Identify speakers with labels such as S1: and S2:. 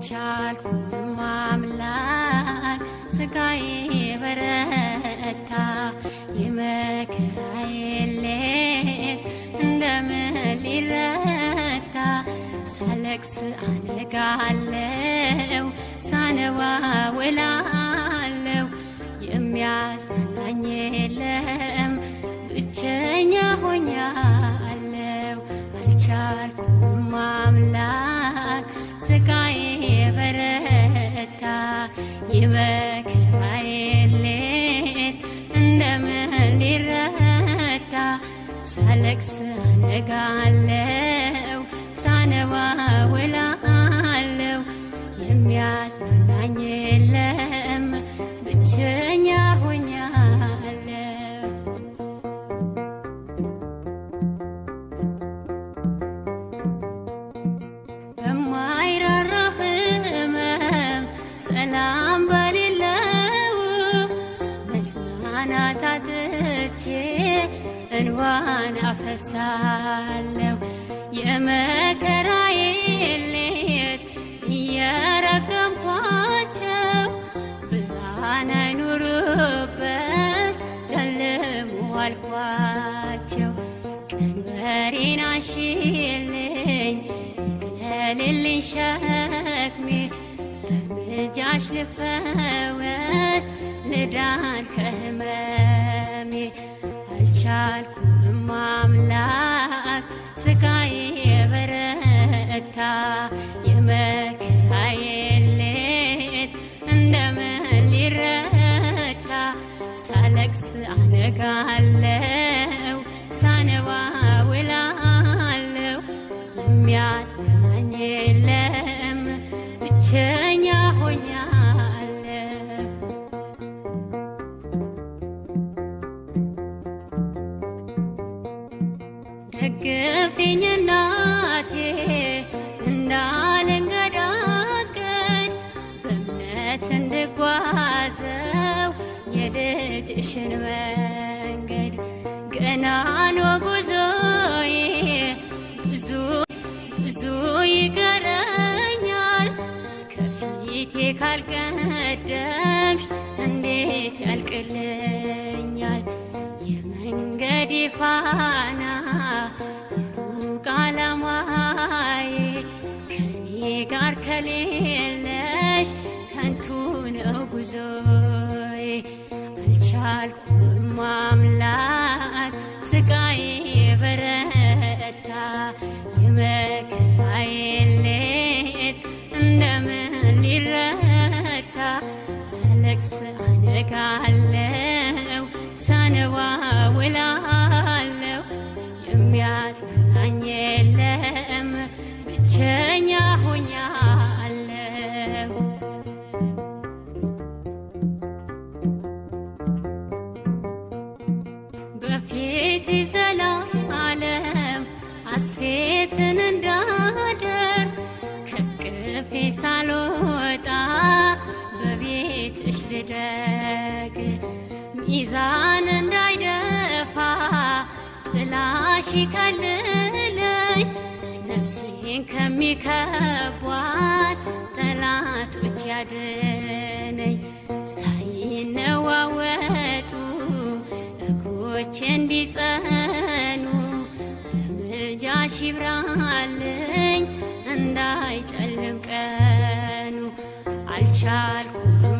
S1: አልቻልኩም አምላክ ስጋዬ በረታ የመከራዬ እንደምን ሊረታ ሳለቅስ አነጋለው ሳነባ ውላለው የለም ብቸኛ ሆኛለው አልቻልኩም አምላክ በከማየሌት እንደምን ሊረዳ ሳለቅስ አነጋለ እንባን አፈሳለሁ የመከራዬን ሌት እየረገምኳቸው ብርሃን አይኑርበት ጨልሞ አልኳቸው ቀንበሬን አሽልኝ ይቅለልልኝ ሸክሜ በምልጃሽ ልፈወስ ልዳን ከህመሜ አልቻልኩ የመከየሌት እንደምን ሊረታ አነጋለው ሳነባ ውላለው የሚያጽናኝ የለም ብቸኛ ሆኛ ደግፊኝ እናቴ እንዳልንገዳገድ በእምነት እንድጓዘው የልጅሽን መንገድ ገና ነው ጉዞዬ ብዙ ብዙ ይገረኛል ከፊቴ ካልቀደምሽ እንዴት ያልቅልኛል የመንገድ ይፋን ጋር ከሌለሽ ከንቱ ነው ጉዞዬ። አልቻልኩም አምላክ ስቃዬ በረታ የመከራዬ ሌት እንደምን ይረታ ሳለቅስ አነጋለው ሳነባ ውላለው የሚያጽናኝ የለ ብቸኛ ሆኛለሁ። በፊት ዘላለም ሐሴትን እንዳደር ከቅፌ ሳልወጣ በቤትሽ ልደግ ሚዛን እንዳይደፋ ጥላሽ ከልለኝ ነፍሴን ከሚከቧት ጠላቶች ያድነኝ። ሳይነዋወጡ እግሮቼ እንዲጸኑ በምልጃሽ ይብራልኝ እንዳይጨልም ቀኑ አልቻልኩም